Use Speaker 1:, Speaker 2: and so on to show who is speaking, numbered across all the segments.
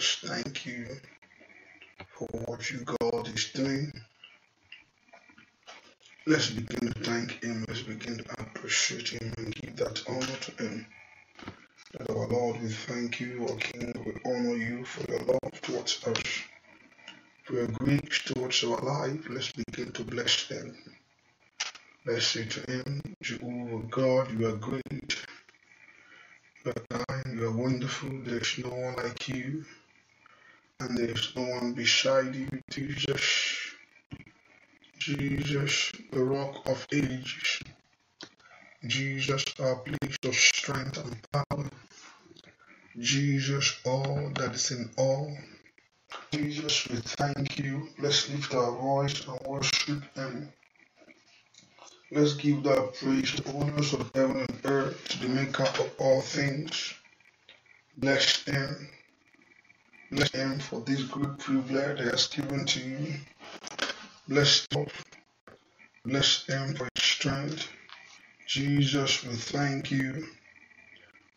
Speaker 1: just thank you for what you God is doing. Let's begin to thank Him. Let's begin to appreciate Him and give that honor to Him. That our Lord, we thank you, our King, we honor you for your love towards us, for your grace towards our life. Let's begin to bless them. Let's say to Him, Jehovah God, you are great, you are kind, you are wonderful, there is no one like you and there's no one beside you, Jesus. Jesus, the rock of ages. Jesus, our place of strength and power. Jesus, all that is in all. Jesus, we thank you. Let's lift our voice and worship Him. Let's give that praise to the owners of heaven and earth, to the maker of all things. Bless Him. Bless him for this great privilege that has given to you. Bless him. Bless him for strength. Jesus, we thank you.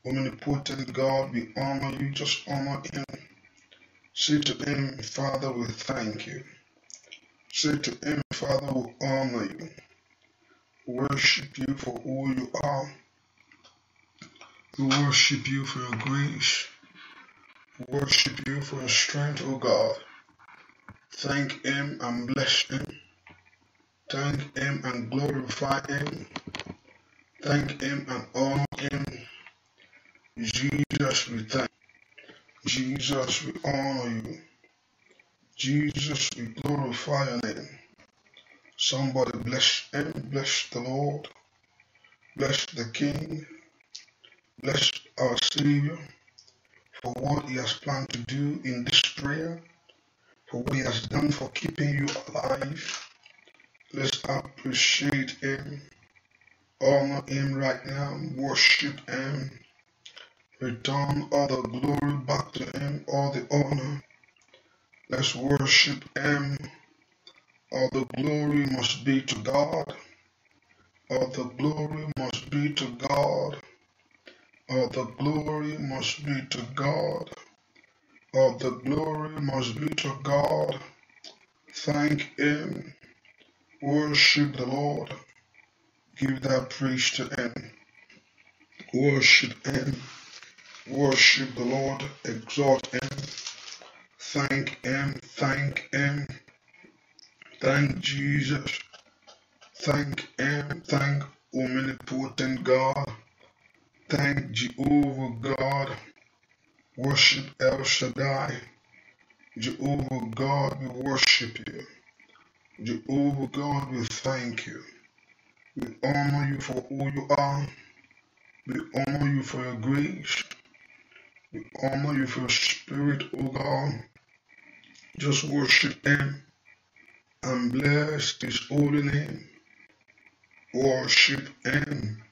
Speaker 1: Omnipotent God, we honor you. Just honor him. Say to him, Father, we thank you. Say to him, Father, we honor you. Worship you for who you are. We worship you for your grace worship you for your strength, O God. Thank him and bless him. Thank him and glorify him. Thank him and honor him. Jesus, we thank. Jesus, we honor you. Jesus, we glorify your name. Somebody bless him, bless the Lord, bless the King, bless our Savior for what He has planned to do in this prayer, for what He has done for keeping you alive. Let's appreciate Him, honor Him right now,
Speaker 2: worship Him, return all the glory back to Him, all the
Speaker 1: honor. Let's worship Him. All the glory must be to God. All the glory must be to God. All the glory must be to God. All the glory must be to God. Thank Him. Worship the Lord. Give that praise to Him. Worship Him. Worship the Lord. Exalt Him. Thank Him. Thank Him. Thank Jesus. Thank Him. Thank Omnipotent God. Thank Jehovah God. Worship El Shaddai. Jehovah God, we worship you. Jehovah God, we thank you. We honor you for who you are. We honor you for your grace. We honor you for your spirit, O God. Just worship Him and bless His holy name. Worship Him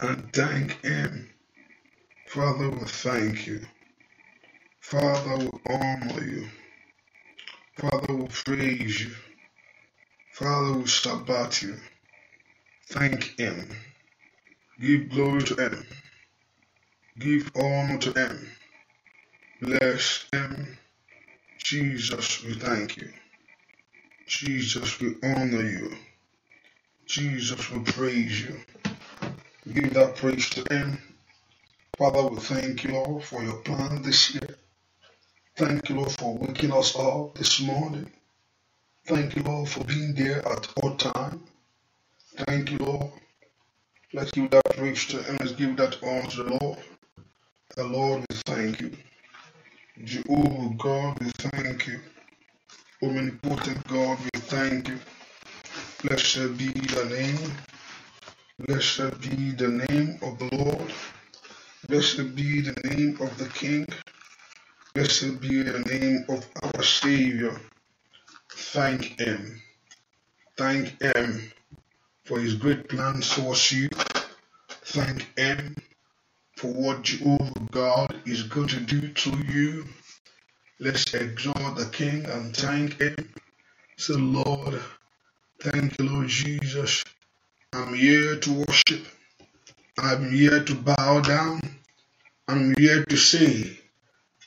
Speaker 1: and thank Him. Father, we thank you. Father, we honor you. Father, we praise you. Father, we sabbat you. Thank Him. Give glory to Him. Give honor to Him. Bless Him. Jesus, we thank you. Jesus, we honor you. Jesus, we praise you. Give that praise to Him. Father, we thank you, all for your plan this year. Thank you, Lord, for waking us up this morning. Thank you, Lord, for being there at all time. Thank you, Lord. Let's give that praise to Him. Let's give that honor to the Lord. The Lord, we thank you. Jehovah God, we thank you. Omnipotent God, we thank you. Blessed be your name. Blessed be the name of the Lord. Blessed be the name of the King. Blessed be the name of our Savior. Thank Him. Thank Him for His great plan towards you. Thank Him for what Jehovah God is going to do to you. Let's exalt the King and thank Him. Say, Lord, thank you, Lord Jesus. I'm here to worship. I'm here to bow down. I'm here to say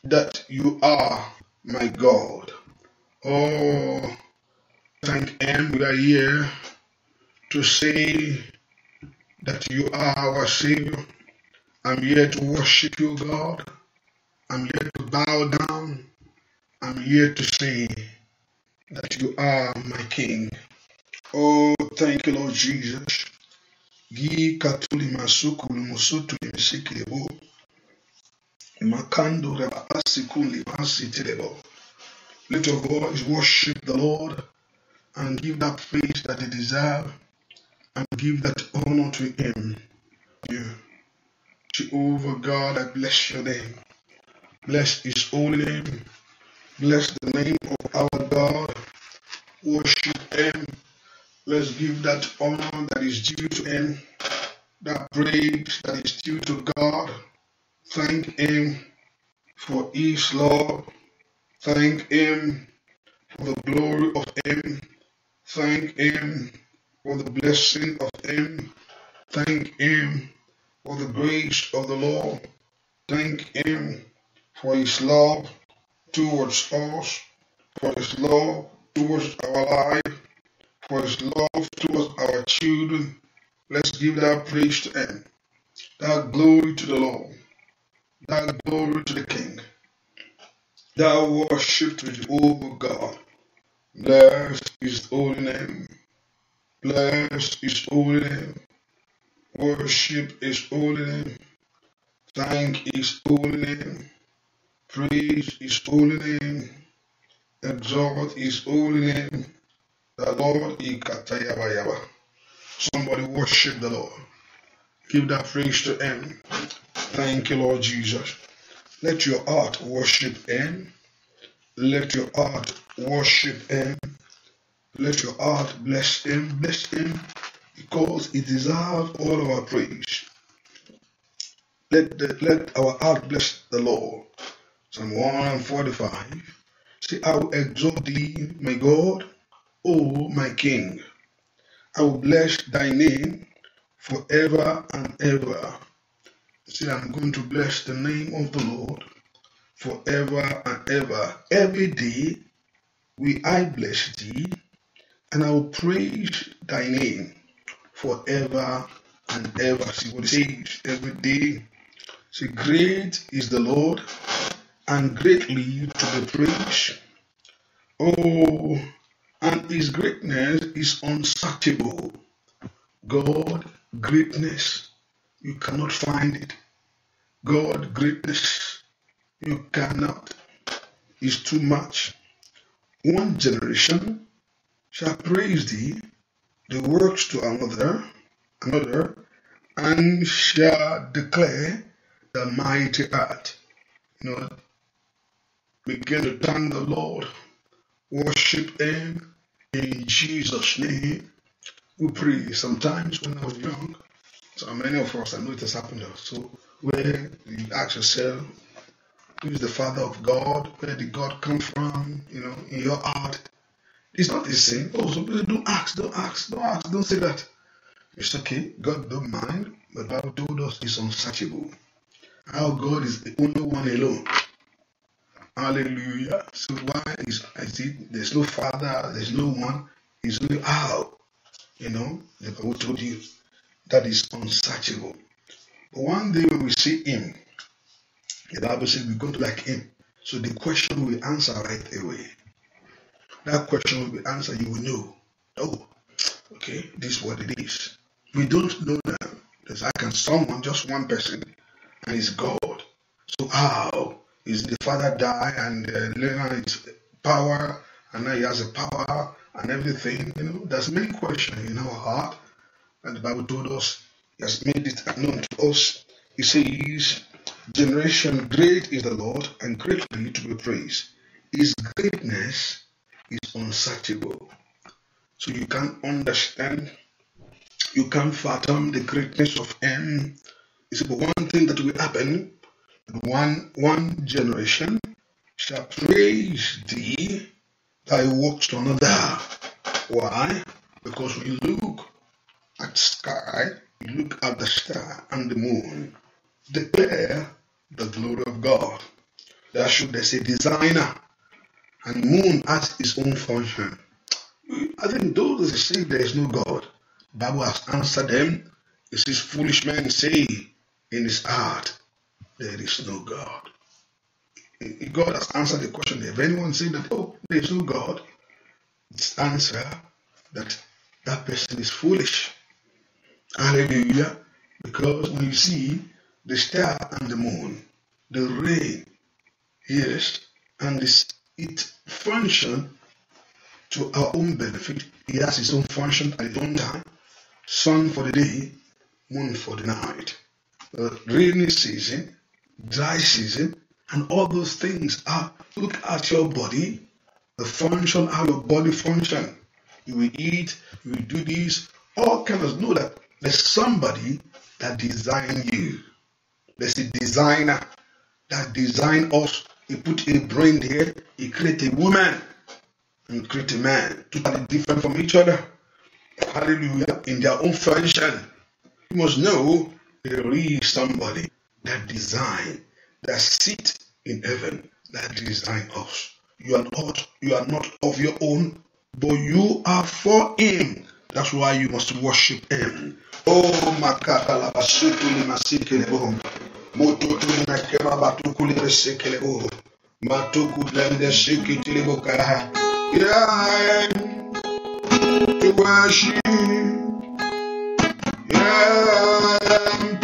Speaker 1: that you are my God. Oh, thank Him. We are here to say that you are our Savior. I'm here to worship you, God. I'm here to bow down. I'm here to say that you are my King. Oh, thank you, Lord Jesus. Gi katuli masukuli musutu misikilebo. Makando reba asikuli masitelebo. Let your voice worship the Lord and give that praise that they deserve and give that honor to Him. You. Jehovah God, I bless your name. Bless His holy name. Bless the name of our God. Worship Let's give that honor that is due to Him, that praise that is due to God. Thank Him for His love. Thank Him for the glory of Him. Thank Him for the blessing of Him. Thank Him for the grace of the Lord. Thank Him for His love
Speaker 2: towards us, for His love towards our life
Speaker 1: for his love towards our children. Let's give that praise to him. That glory to the Lord. That glory to the King. That worship to the old God. Bless his holy name. Bless his holy name. Worship his holy name. Thank his holy name. Praise his holy name. Exalt his holy name. The Lord yaba. Somebody worship the Lord. Give that praise to Him. Thank you, Lord Jesus. Let your heart worship Him. Let your heart worship Him. Let your heart bless Him. Bless Him because He deserves all our praise. Let, the, let our heart bless the Lord. Psalm 145. See, I will exalt thee, my God O my King. I will bless thy name forever and ever. See, I'm going to bless the name of the Lord forever and ever. Every day will I bless thee, and I will praise thy name forever and ever. See what it says every day. See, great is the Lord, and greatly to be praised. Oh, and his greatness is unsearchable. God, greatness, you cannot find it. God, greatness, you cannot. It's too much. One generation shall praise thee, the works to another, another, and shall declare the mighty art. You know, begin to thank the Lord worship Him in Jesus' name. We pray sometimes when I was young. So many of us, I know it has happened So where you ask yourself, who is the Father of God? Where did God come from? You know, in your heart. It's not the same. Oh, so don't ask, don't ask, don't ask, don't say that. It's okay. God don't mind, but Bible told us it's unsearchable. Our God is the only one alone. Hallelujah. So why is I there's no father, there's no one, it's only how. You know, the Bible told you that is unsearchable. But one day when we see him, the Bible says we to like him. So the question will answer right away. That question will be answered, you will know. Oh, okay, this is what it is. We don't know that There's I can someone, just one person, and it's God. So how? is the father died and uh, Leonard is power and now he has a power and everything. You know, there's many questions in our heart, and the Bible told us He has made it known to us. He says, "Generation great is the Lord, and greatly to be praised. His greatness is unsearchable." So you can understand, you can't fathom the greatness of Him. You see, "But one thing that will happen one, one generation shall praise thee thy works to another. Why? Because we look at sky, we look at the star and the moon, declare the glory of God. should there's a designer, and moon has its own function. I think those that say there is no God, Bible has answered them. It says foolish men say in his heart, there is no God. God has answered the question. If anyone says that, oh, there is no God, its answer that that person is foolish. Hallelujah. Because when you see the star and the moon, the rain, yes, and this, it function to our own benefit. It has its own function at its own time. Sun for the day, moon for the night. The rainy season dry season, and all those things are look at your body, the function, how your body function. You will eat, you will do this, all kinds of know that there's somebody that designed you. There's a designer that designed us. He put a brain there, he created a woman and create a man totally different from each other. Hallelujah. In their own function. You must know there is somebody that design, that sit in heaven, that design us. You are not, you are not of your own, but you are for Him. That's why you must worship Him. Oh, makata labasutuli masikelebo, oh. motutuli nakema batukuli resekelebo, oh. matukulende sikitilebo kara. Yeah, to
Speaker 2: worship. Yeah.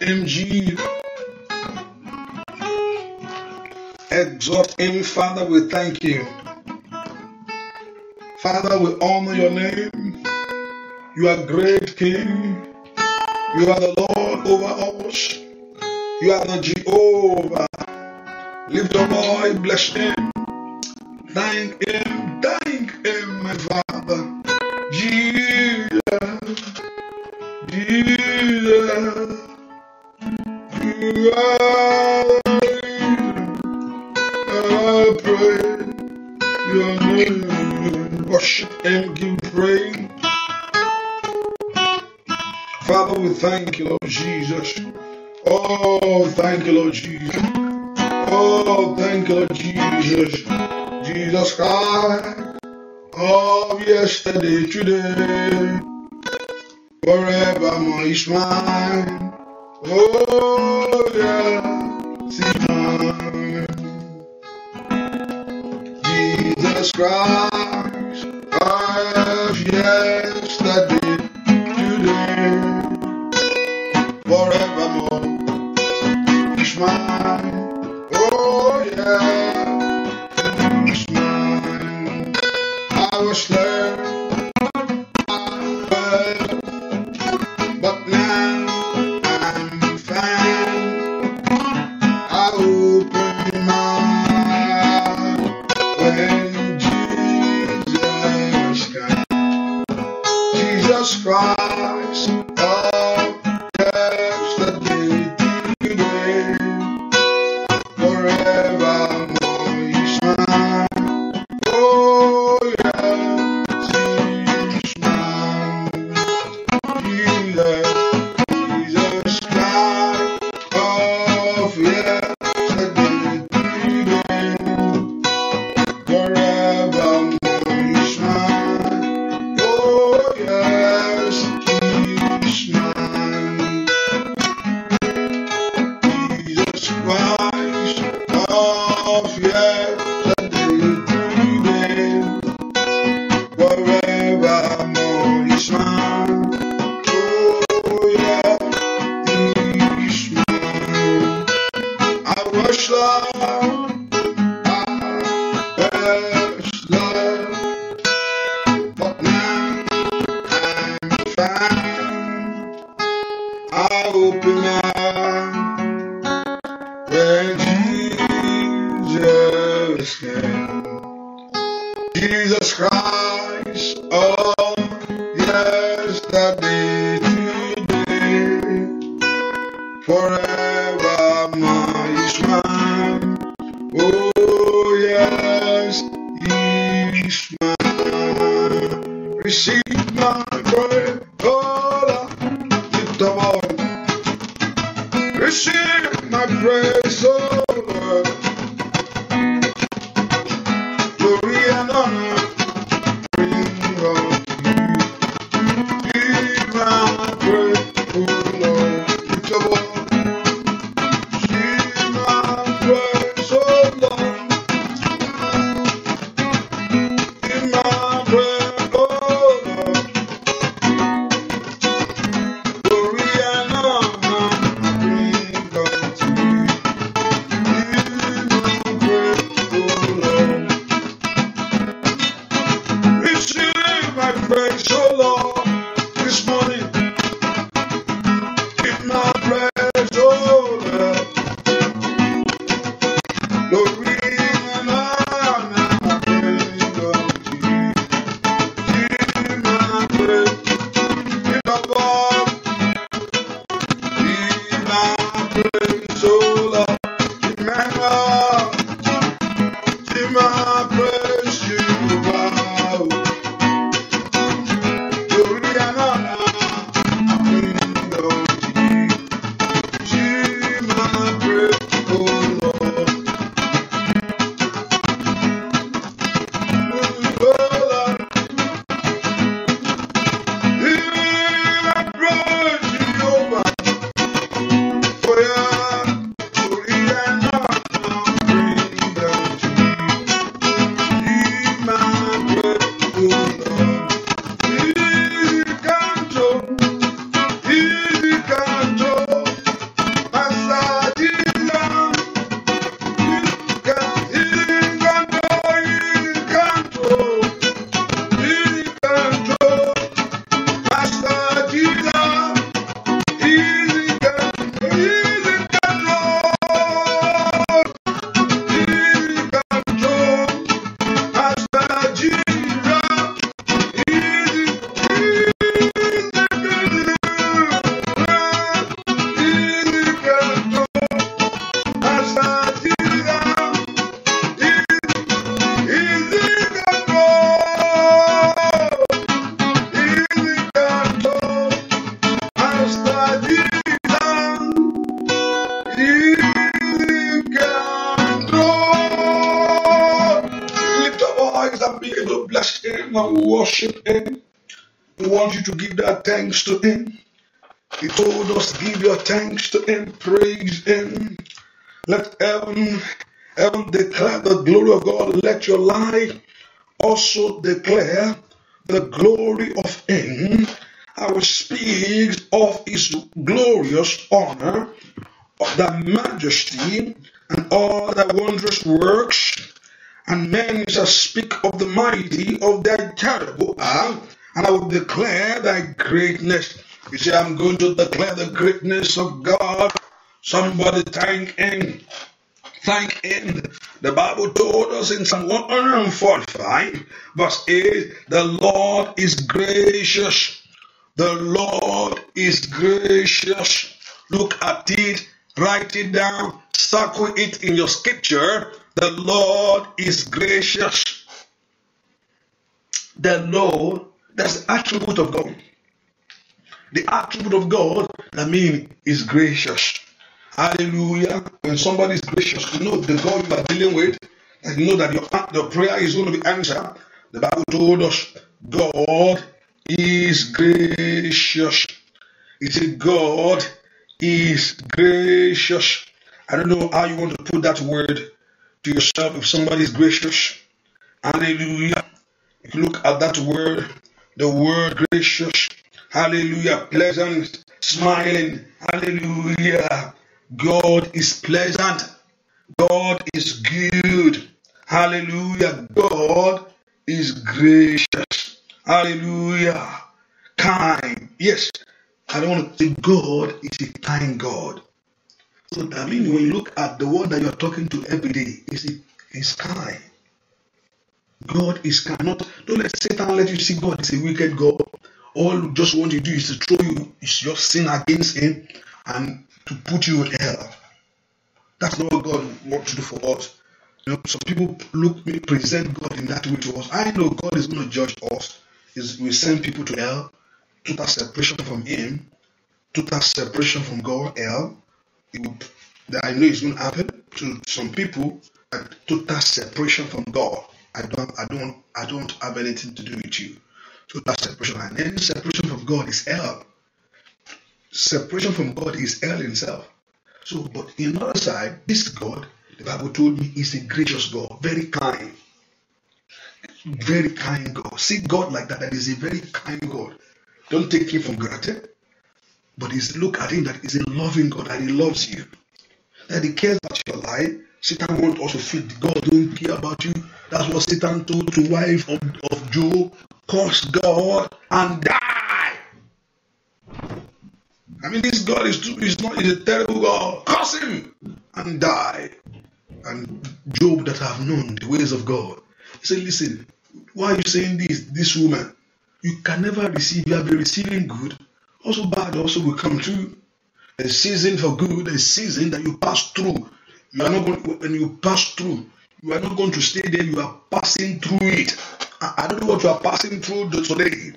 Speaker 1: MG. Exalt every Father. We thank you. Father, we honor your name. You are great King. You are the Lord over us. You are the Jehovah. Lift your voice, bless him. Thank him, thank him, my Father.
Speaker 2: thank you, Lord Jesus. Oh, thank you, Lord Jesus. Oh, thank you, Lord Jesus. Jesus Christ of yesterday, today, forevermore is mine. Oh, yes, mine. Jesus Christ of yesterday. forevermore. He's mine. Oh yeah. He's mine. I was
Speaker 1: declare the glory of Him. I will speak of His glorious honor, of the majesty, and all the wondrous works. And men shall speak of the mighty, of thy terrible arm, and I will declare thy greatness. You see, I'm going to declare the greatness of God. Somebody thank Him thank Him. The Bible told us in Psalm 145, verse 8, the Lord is gracious. The Lord is gracious. Look at it, write it down, circle it in your scripture. The Lord is gracious. The Lord, that's the attribute of God. The attribute of God, I mean, is gracious. Hallelujah. When somebody is gracious, you know the God you are dealing with, and you know that your, your prayer is going to be answered. The Bible told us God is gracious. It said God is gracious. I don't know how you want to put that word to yourself if somebody is gracious. Hallelujah. If you look at that word, the word gracious, hallelujah, pleasant, smiling, hallelujah. God is pleasant. God is good. Hallelujah. God is gracious. Hallelujah. Kind. Yes. I don't want to say God is a kind God. So that means when you look at the one that you're talking to every day, you see, kind. God is kind. Not, don't let Satan let you see God is a wicked God. All you just want to do is to throw you, is your sin against him and to put you in hell. That's not what God wants to do for us. You know, some people look present God in that way to us. I know God is going to judge us. Is we send people to hell, that separation from Him, total separation from God. Hell, that I know is going to happen to some people. Total separation from God. I don't, I don't, I don't have anything to do with you. Total separation, and any separation from God is hell separation from God is hell itself. So, but in another side, this God, the Bible told me, is a gracious God, very kind. Very kind God. See God like that, that is a very kind God. Don't take him for granted. But is look at him that is a loving God and he loves you. That he cares about your life. Satan wants us to feel God don't care about you. That's what Satan told the wife of, of Job. Curse God and die. I mean, this God is too, is not is a terrible God. Curse him and die. And Job that have known the ways of God. He said, Listen, why are you saying this? This woman, you can never receive, you have been receiving good. Also bad also will come through. A season for good, a season that you pass through. You are not going to, when you pass through, you are not going to stay there, you are passing through it. I, I don't know what you are passing through today,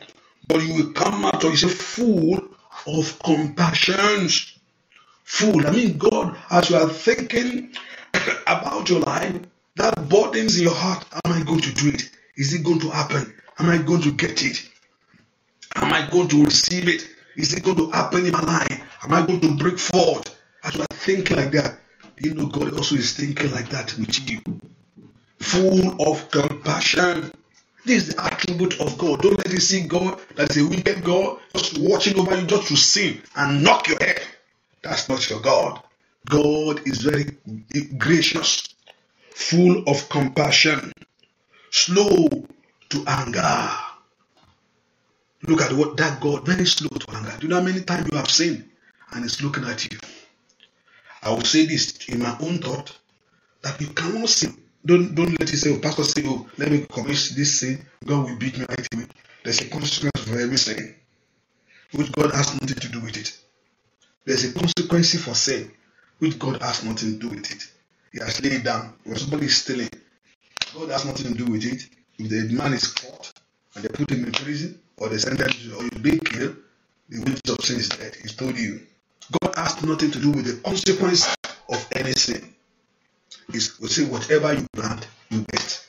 Speaker 1: but you will come out or you say, Fool, of compassion. Full. I mean, God, as you are thinking about your life, that burdens in your heart. Am I going to do it? Is it going to happen? Am I going to get it? Am I going to receive it? Is it going to happen in my life? Am I going to break forth? As you are thinking like that, you know God also is thinking like that with you. Full of compassion. This is the attribute of God. Don't let me see God that is a wicked God just watching over you just to sin and knock your head. That's not your God. God is very gracious, full of compassion, slow to anger. Look at what that God, very slow to anger. Do you know how many times you have sinned and it's looking at you? I will say this in my own thought that you cannot sin Don't don't let yourself, oh, pastor say, oh, let me commit this sin. God will beat me right away. There's a consequence for every sin, which God has nothing to do with it. There's a consequence for sin, which God has nothing to do with it. He has laid down. When somebody is stealing, God has nothing to do with it. If the man is caught and they put him in prison, or they send him to, or he's be killed, the wages of sin is dead. He's told you. God has nothing to do with the consequence of any sin. is we say whatever you plant, you get.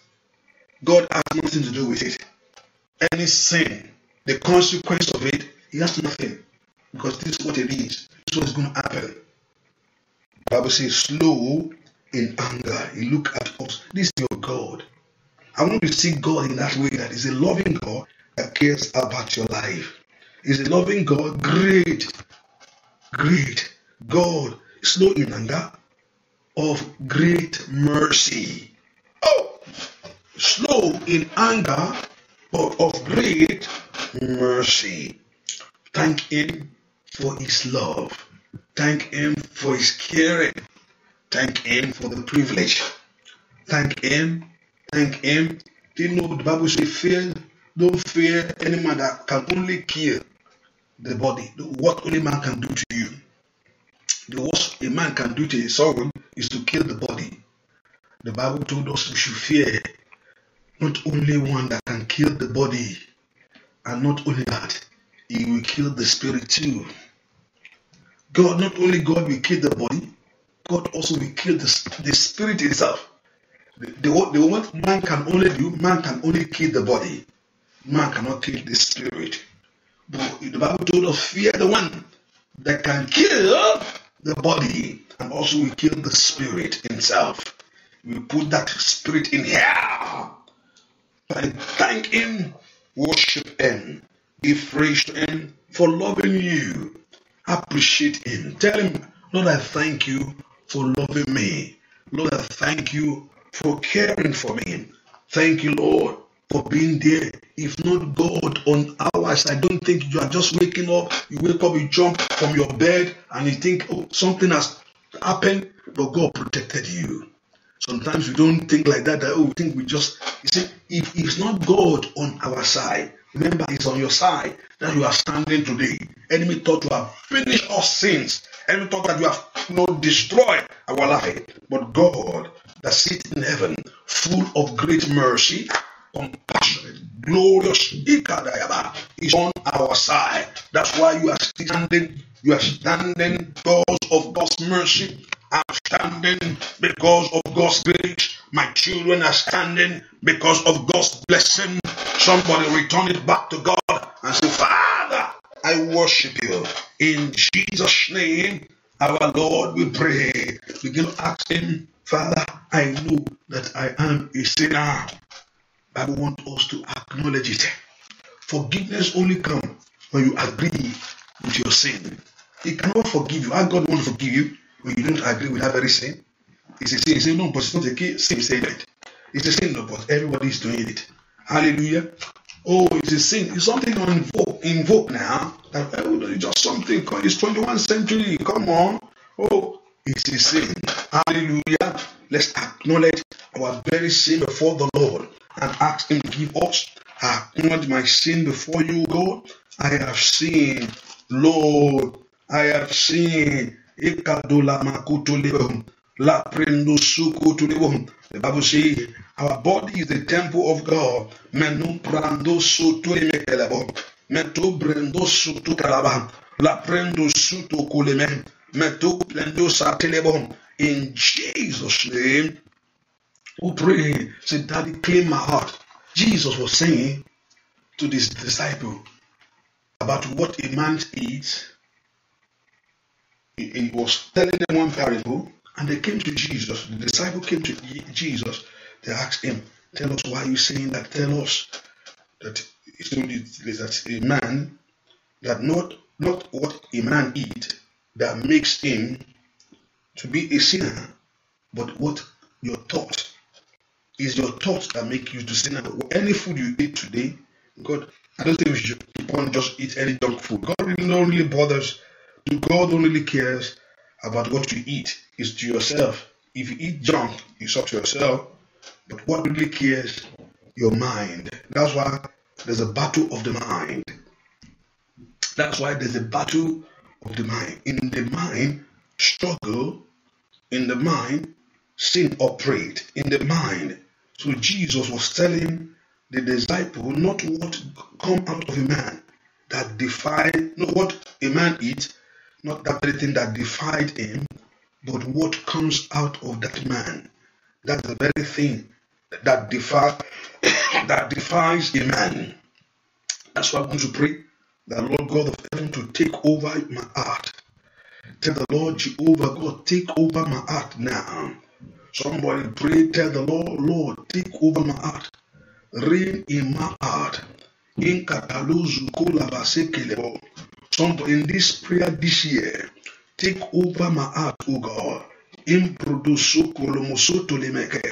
Speaker 1: God has nothing to do with it. Any sin, the consequence of it, he has nothing. Because this is what it is. This is what's going to happen. The Bible says, slow in anger. He look at us. This is your God. I want to see God in that way that is a loving God that cares about your life. Is a loving God. Great. Great. God. Slow in anger of great mercy. Oh, slow in anger, but of great mercy. Thank Him for His love. Thank Him for His caring. Thank Him for the privilege. Thank Him. Thank Him. Do you know the Bible says, fear, don't fear any man that can only kill the body. What only man can do to you. The worst a man can do to his soul is to kill the body. The Bible told us we should fear not only one that can kill the body, and not only that, he will kill the spirit too. God, not only God will kill the body, God also will kill the, the spirit itself. The, the, the what man can only do, man can only kill the body. Man cannot kill the spirit. But the Bible told us, fear the one that can kill the body and also we kill the spirit himself. We put that spirit in here and thank Him, worship Him, give praise to Him for loving you. Appreciate Him. Tell Him, Lord, I thank you for loving me. Lord, I thank you for caring for me. Thank you, Lord, for being there. If not God on side, I don't think you are just waking up. You wake up, you jump from your bed, and you think oh, something has happened, but God protected you. Sometimes we don't think like that. That oh, we think we just you see. If it's not God on our side, remember it's on your side that you are standing today. Enemy thought you have finished our sins. Enemy thought that you have you know, destroyed our life, but God that sits in heaven, full of great mercy, compassionate, glorious Ikadayaba is on our side. That's why you are standing, you are standing because of God's mercy. I'm standing because of God's grace. My children are standing because of God's blessing. Somebody return it back to God and say, Father, I worship you. In Jesus' name, our Lord, we pray. Begin to ask Him, Father, I know that I am a sinner. Bible wants us to acknowledge it. Forgiveness only comes when you agree with your sin. He cannot forgive you. How God won't forgive you when you don't agree with that very sin? It's a sin. He said, no, but it's not a sin. He said It's a sin, no, but everybody is doing it. Hallelujah. Oh, it's a sin. It's something on invoke, invoke now. That, oh, it's just something. It's 21st century. Come on. Oh, it's a sin. Hallelujah. Let's acknowledge our very sin before the Lord. And asked Him to give us. I acknowledge my sin before you, God. I have sinned, Lord. I have sinned. The Bible says our body is the temple of God. In Jesus' name, who pray? said, Daddy, clean my heart. Jesus was saying to this disciple about what a man eats. He, he was telling them one parable, and they came to Jesus. The disciple came to Jesus. They asked him, Tell us why you're saying that. Tell us that it's not that a man that not not what a man eat that makes him to be a sinner, but what your thought it's your thoughts that make you to sin. Any food you eat today, God, I don't think we should keep on just eat any junk food. God really not really bothers. God do really cares about what you eat. It's to yourself. If you eat junk, it's up to yourself. But what really cares? Your mind. That's why there's a battle of the mind. That's why there's a battle of the mind. In the mind, struggle. In the mind, sin operate. In the mind, so Jesus was telling the disciple not what come out of a man that defied, not what a man eats, not that thing that defied him, but what comes out of that man. That's the very thing that defies that defies a man. That's why i want to pray that Lord God of heaven to take over my heart. Tell the Lord Jehovah God, take over my heart now. Somebody pray, tell the Lord, Lord, take over my heart. Reign in my heart. In Kataluzu Kulabasekelebo. Somebody in this prayer this year, take over my heart, O God. In produso kolomosoto limeke.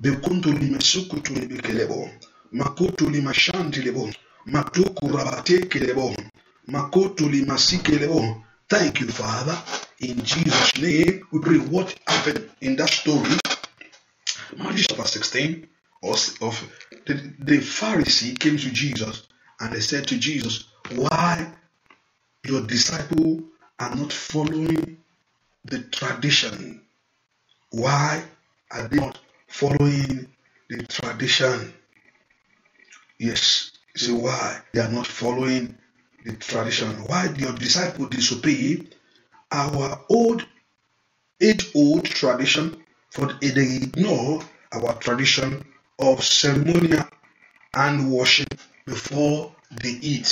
Speaker 1: Bekunto limesukutu libekelebo. Makutu limashanti lebo. Matuku limasikelebo. Thank you, Father. In Jesus' name, we pray what happened in that story, Matthew chapter 16, of, the, the Pharisee came to Jesus and they said to Jesus, Why your disciple are not following the tradition? Why are they not following the tradition? Yes, you see why they are not following the tradition. Why your disciple disobey our old age-old tradition, but they ignore our tradition of ceremonial and washing before they eat.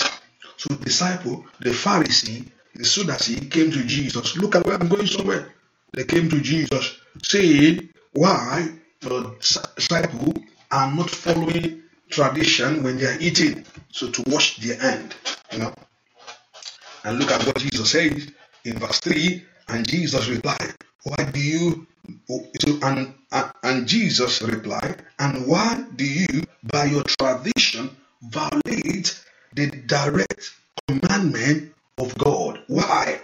Speaker 1: So disciple, the Pharisee, the Sadducee came to Jesus. Look at where I'm going somewhere. They came to Jesus saying, why the disciple are not following tradition when they are eating. So to wash their hand, you know. And look at what Jesus says in verse 3 and jesus replied why do you so, and, and jesus replied and why do you by your tradition violate the direct commandment of god why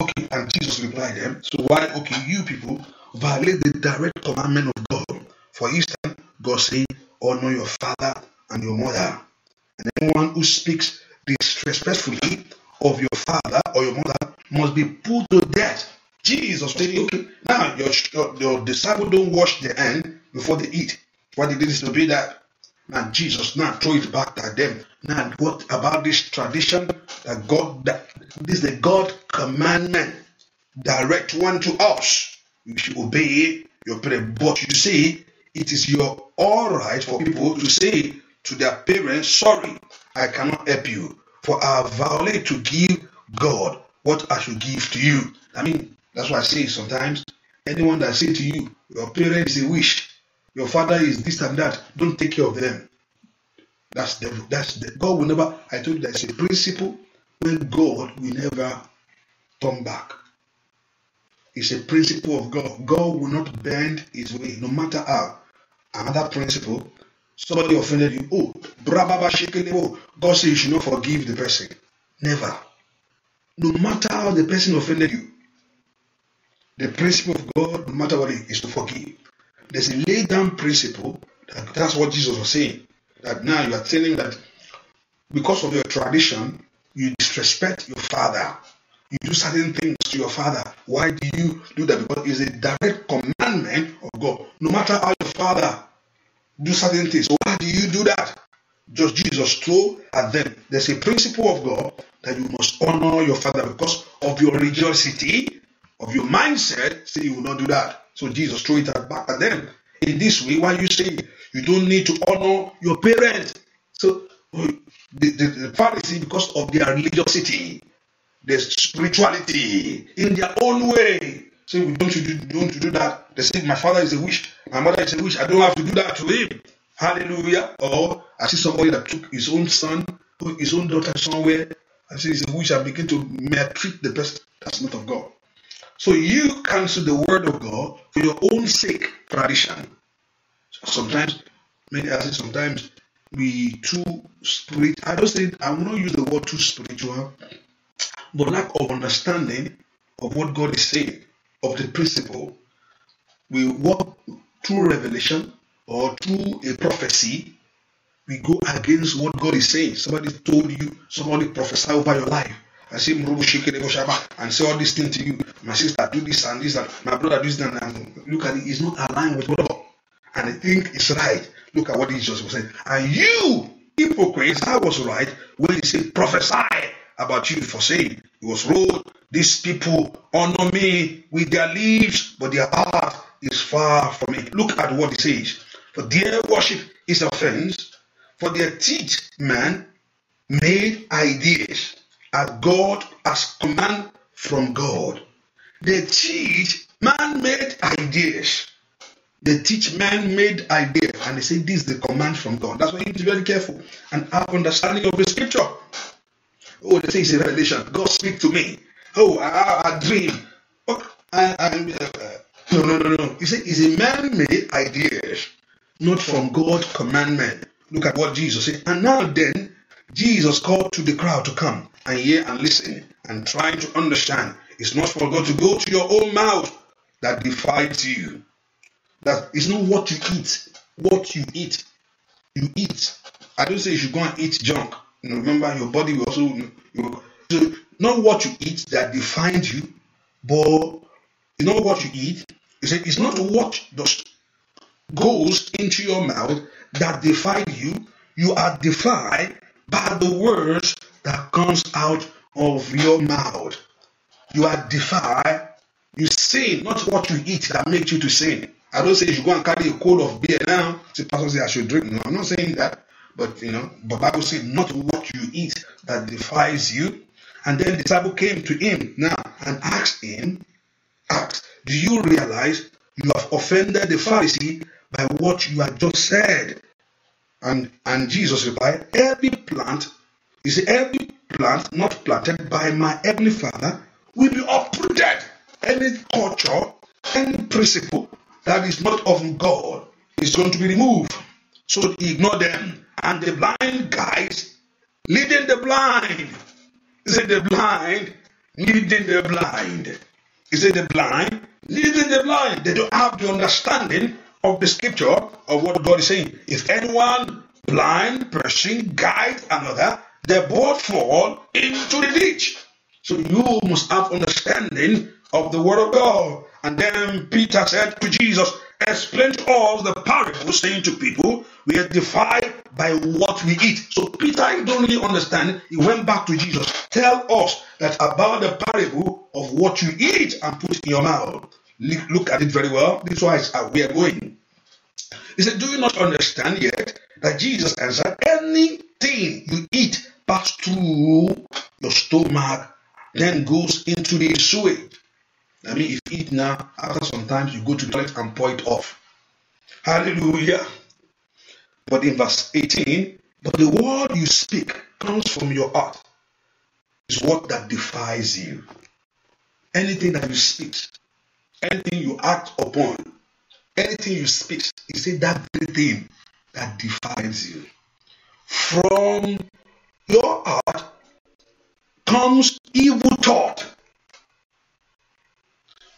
Speaker 1: okay and jesus replied them so why okay you people violate the direct commandment of god for instance god said honor your father and your mother and anyone who speaks disrespectfully of your father or your mother must be put to death. Jesus said, okay, now your, your, disciple don't wash their hand before they eat. Why did they disobey that? Now Jesus now throw it back at them. Now what about this tradition that God that this is the God commandment direct one to us. You should obey your parents. But you see, it is your all right for people to say to their parents, sorry, I cannot help you. For I uh, violate to give God what I should give to you. I mean, that's why I say sometimes anyone that say to you, your parents, is a wish, your father is this and that, don't take care of them. That's the that's the God will never. I told you that's a principle when God will never turn back. It's a principle of God. God will not bend his way, no matter how. Another principle Somebody offended you. Oh, brababa shekelebo. Oh, God says you should not forgive the person. Never. No matter how the person offended you, the principle of God, no matter what it is, to forgive. There's a laid down principle that that's what Jesus was saying. That now you are telling that because of your tradition, you disrespect your father. You do certain things to your father. Why do you do that? Because it's a direct commandment of God. No matter how your father do certain things. So why do you do that? Just Jesus throw at them. There's a principle of God that you must honor your father because of your religiosity, of your mindset. Say you will not do that. So Jesus throw it back at them. In this way, why you say you don't need to honor your parents? So oh, the, the, the Pharisee, because of their religiosity, their spirituality, in their own way, say, we don't "Don't you do, don't you do that?" They say, My father is a witch, my mother is a witch, I don't have to do that to him. Hallelujah. Or I see somebody that took his own son, his own daughter somewhere, and says he's a witch I begin to maltreat the person. That's not of God. So you cancel the word of God for your own sake, tradition. Sometimes, many I say sometimes we too spirit. I don't say I will not use the word too spiritual, but lack of understanding of what God is saying, of the principle, we walk through revelation or through a prophecy, we go against what God is saying. Somebody told you, somebody prophesied over your life. I shaba and say all these things to you. My sister, do this and this, and my brother, do this and, and look at it. It's not aligned with God. And I think it's right. Look at what Jesus was saying. And you, hypocrites, I was right when he said, prophesy about you for saying, it was wrong. These people honor me with their leaves, but their heart is far from it. Look at what it says. For their worship is offense, for their teeth man made ideas as God as command from God. They teach man-made ideas. They teach man-made ideas, and they say this is the command from God. That's why you need to be very careful and have understanding of the scripture. Oh, they say it's a revelation. God speak to me. Oh, I, I dream. Oh, I, I, uh, no, no, no, no. You see, it's a man-made idea, not from God's commandment. Look at what Jesus said. And now then, Jesus called to the crowd to come and hear and listen and try to understand. It's not for God to go to your own mouth that defines you. That it's not what you eat, what you eat. You eat. I don't say you should go and eat junk. You know, remember, your body will also. You know, so not what you eat that defines you, but it's not what you eat. He said, it's not what goes into your mouth that defile you. You are defiled by the words that comes out of your mouth. You are defiled. You sin, not what you eat that makes you to sin. I don't say you go and carry a cold of beer now. The pastor say I should drink. No, I'm not saying that. But you know, the Bible says not what you eat that defiles you. And then the disciple came to him now and asked him, act. Do you realize you have offended the Pharisee by what you have just said? And, and Jesus replied, Every plant is every plant not planted by my heavenly Father will be uprooted. Any culture, any principle that is not of God is going to be removed. So ignore them. And the blind guys leading the blind. Is it the blind leading the blind? He said, The blind, leading the blind, they don't have the understanding of the scripture of what God is saying. If anyone blind person guide another, they both fall into the ditch. So you must have understanding of the word of God. And then Peter said to Jesus, Explain to us the parable, saying to people, We are defied by what we eat. So Peter don't really understand. He went back to Jesus. Tell us that about the parable of what you eat and put in your mouth. Look at it very well. This is why we are going. He said, Do you not understand yet that Jesus answered, Anything you eat passes through your stomach, then goes into the sewage. I mean, if you eat now, after some time you go to the toilet and pour it off. Hallelujah. But in verse 18, but the word you speak comes from your heart is what that defies you. Anything that you speak, anything you act upon, anything you speak, is it that very thing that defies you. From your heart comes evil thought.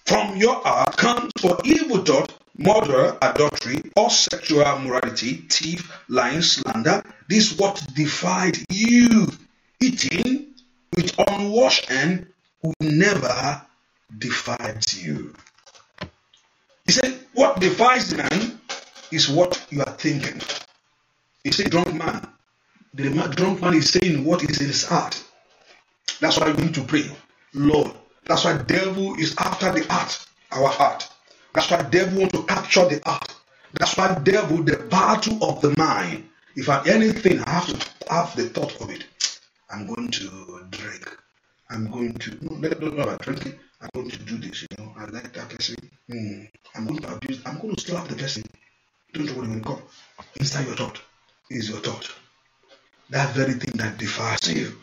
Speaker 1: From your heart comes for evil thought, murder, adultery, or sexual morality, thief, lying, slander. This what defies you. Eating, with unwashed hand who never defiles you. He said, What defiles man is what you are thinking. He said, Drunk man. The drunk man is saying what is in his heart. That's why we need to pray. Lord. That's why devil is after the heart, our heart. That's why devil want to capture the heart. That's why devil, the battle of the mind. If I anything, I have to have the thought of it. I'm going to drink. I'm going to no, let don't know about drinking. I'm going to do this. You know, I like that person. Mm. I'm going to abuse. I'm going to slap the person. Don't worry, will come. Inside your thought is your thought. That very thing that defiles you,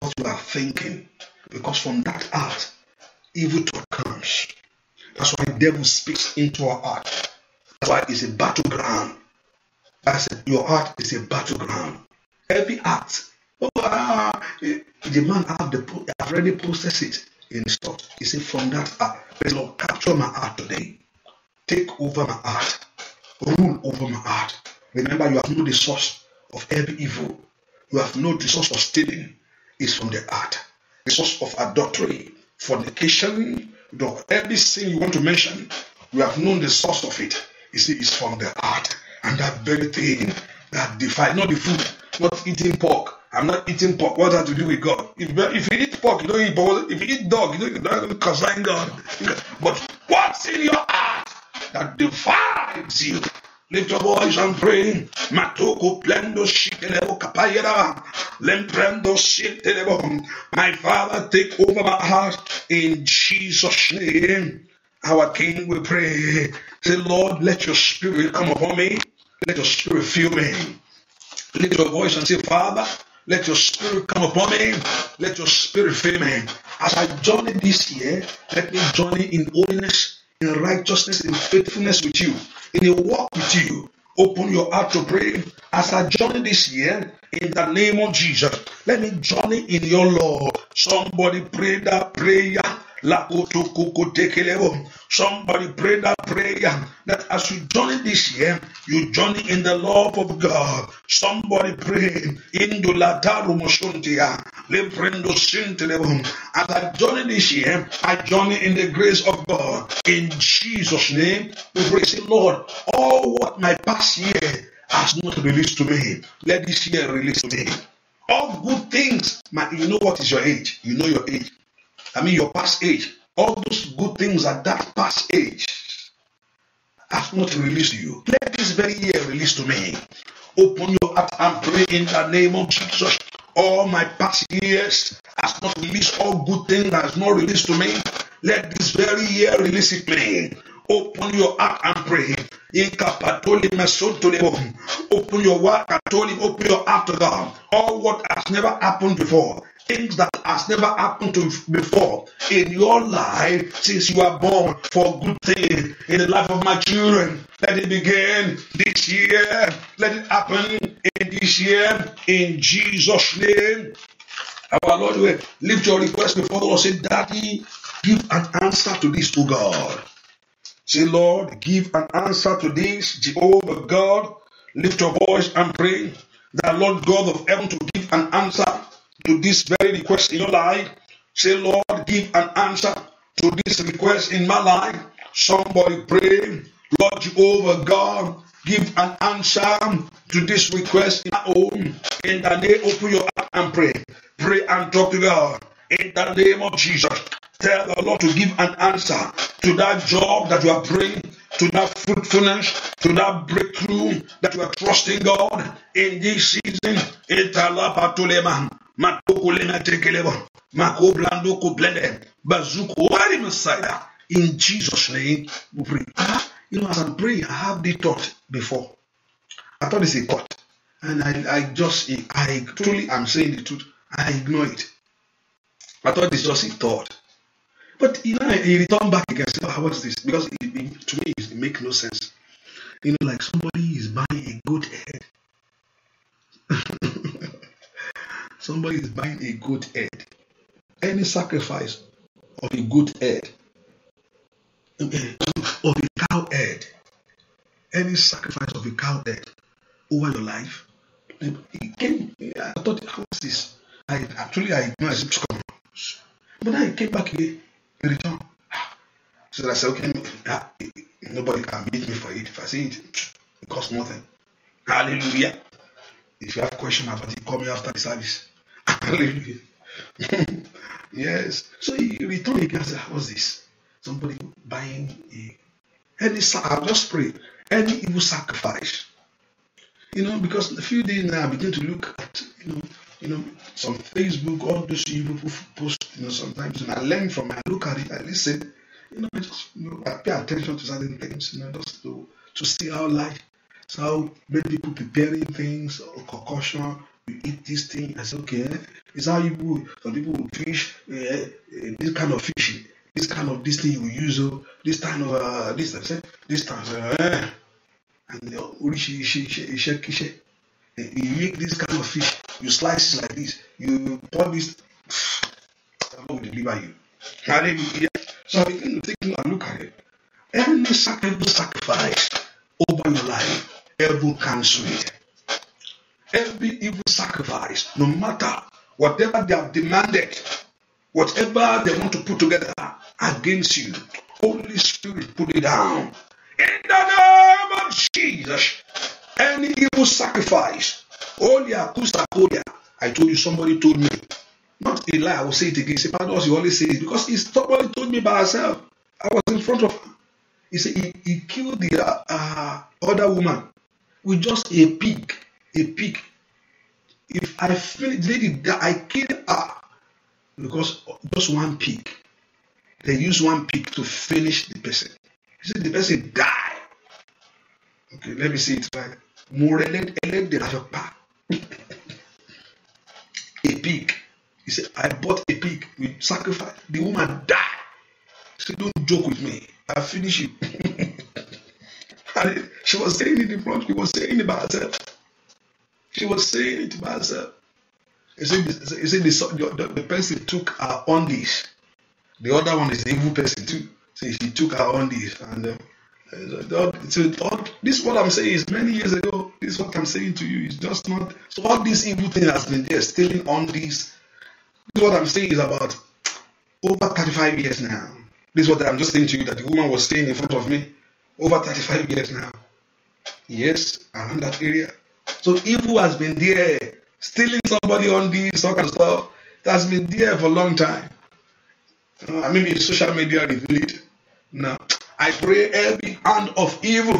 Speaker 1: what you are thinking, because from that heart evil thought comes. That's why the devil speaks into our heart. That's why it's a battleground. I said, your heart is a battleground. Every act ah, the man have the have already processed it in stock. You see, from that heart, please Lord, capture my heart today. Take over my heart. Rule over my heart. Remember, you have no the source of every evil. You have no the source of stealing. Is from the heart. The source of adultery, fornication, the, every sin you want to mention, you have known the source of it. You see, it's from the heart. And that very thing that defies, not the food, not eating pork, I'm not eating pork. What has to do with God? If, if you eat pork, you don't eat pork. If you eat dog, you don't, you do God. But what's in your heart that divides you? Lift your voice and pray. Matoko plendo shikelebo kapayera. Lemprendo shikelebo. My Father, take over my heart in Jesus' name. Our King, we pray. Say, Lord, let your spirit come upon me. Let your spirit fill me. Lift your voice and say, Father, Let your spirit come upon me. Let your spirit fill me. As I journey this year, let me journey in holiness, in righteousness, in faithfulness with you, in a walk with you. Open your heart to pray. As I journey this year, in the name of Jesus, let me journey in your Lord. Somebody pray that prayer Somebody pray that prayer that as you journey this year, you journey in the love of God. Somebody pray in the As I journey this year, I journey in the grace of God. In Jesus' name, we praise the Lord. All what my past year has not released to me, let this year release to me. All good things, my, you know what is your age? You know your age. I mean, your past age, all those good things at that past age have not released you. Let this very year release to me. Open your heart and pray in the name of Jesus. All my past years has not released all good things has not released to me. Let this very year release it to me. Open your heart and pray. Open your heart, open your heart to God. All what has never happened before things that has never happened to before in your life since you are born for good things in the life of my children. Let it begin this year. Let it happen in this year in Jesus' name. Our Lord, we lift your request before the Lord. Say, Daddy, give an answer to this, to God. Say, Lord, give an answer to this, Jehovah God. Lift your voice and pray that Lord God of heaven to give an answer to this very request in your life. Say, Lord, give an answer to this request in my life. Somebody pray, Lord Jehovah God, give an answer to this request in my own. And then name, open your heart and pray. Pray and talk to God. In the name of Jesus, tell the Lord to give an answer to that job that you are praying, to that fruitfulness, to that breakthrough that you are trusting God in this season. O, In Jesus' name, we pray. Ah, you know, as I'm praying, I have the thought before. I thought it's a thought. And I, I just, I truly am saying the truth. I ignore it. I thought it's just a thought. But you know, he returned back again. Said, oh, ah, what is this? Because it, it, to me, it make no sense. You know, like somebody is buying a goat head. Somebody is buying a good head. Any sacrifice of a good head, of a cow head, any sacrifice of a cow head over your life. It came, I thought, how is this? I actually I know it's coming. But then I came back again in return. So I said, okay, ah, nobody can beat me for it. If I say it, it costs nothing. Hallelujah. If you have a question about it, call me after the service. Hallelujah. yes. So you return me, gas. What's this? Somebody buying a any I'll just pray. Any evil sacrifice. You know, because a few days now I begin to look at you know, you know, some Facebook, all those evil people post, you know, sometimes and I learn from I look at it, I listen, you know, I just you know, I pay attention to certain things, you know, just to to see how life so how many people preparing things or concussion eat this thing. I said, okay. Is how you would, some people will fish, uh, this kind of fish, this kind of this thing you use, Oh, this kind of uh, this, I said, this time, uh, and oríṣiríṣi iṣẹ́ eh, You make this kind of fish, you slice it like this, you pour this, I'm going to deliver you. Hmm. So I begin to think and look at it. Every sacrifice over your life, heaven cancel it every evil sacrifice, no matter whatever they have demanded, whatever they want to put together against you, Holy Spirit, put it down. In the name of Jesus, any evil sacrifice, Akusa Kodia. I told you, somebody told me. Not a lie, I will say it again. Say, us, you always say it because it's somebody told me by herself. I was in front of her. He said he, he killed the uh, uh, other woman with just a pig a pig. If I finish the lady that I killed her because just one pig. They use one pig to finish the person. You see, the person die. Okay, let me see it right. Mo rẹ ẹlẹ́dẹ̀ lájọ A pig. He said, I bought a pig. We sacrifice. The woman die. She said, don't joke with me. I finish you. she was saying it in front. She was saying it by herself. She was saying it by herself. You see, you see the, the, the person took her on this. The other one is the evil person too. So she took her on this. And um, so, so all, this what I'm saying is many years ago. This what I'm saying to you. is just not. So all this evil thing has been there, stealing on this. This what I'm saying is about over 35 years now. This is what I'm just saying to you that the woman was staying in front of me over 35 years now. Yes, around that area. So evil has been there, stealing somebody on this, all kind of stuff. That's been there for a long time. Uh, maybe social media revealed it. Now, I pray every hand of evil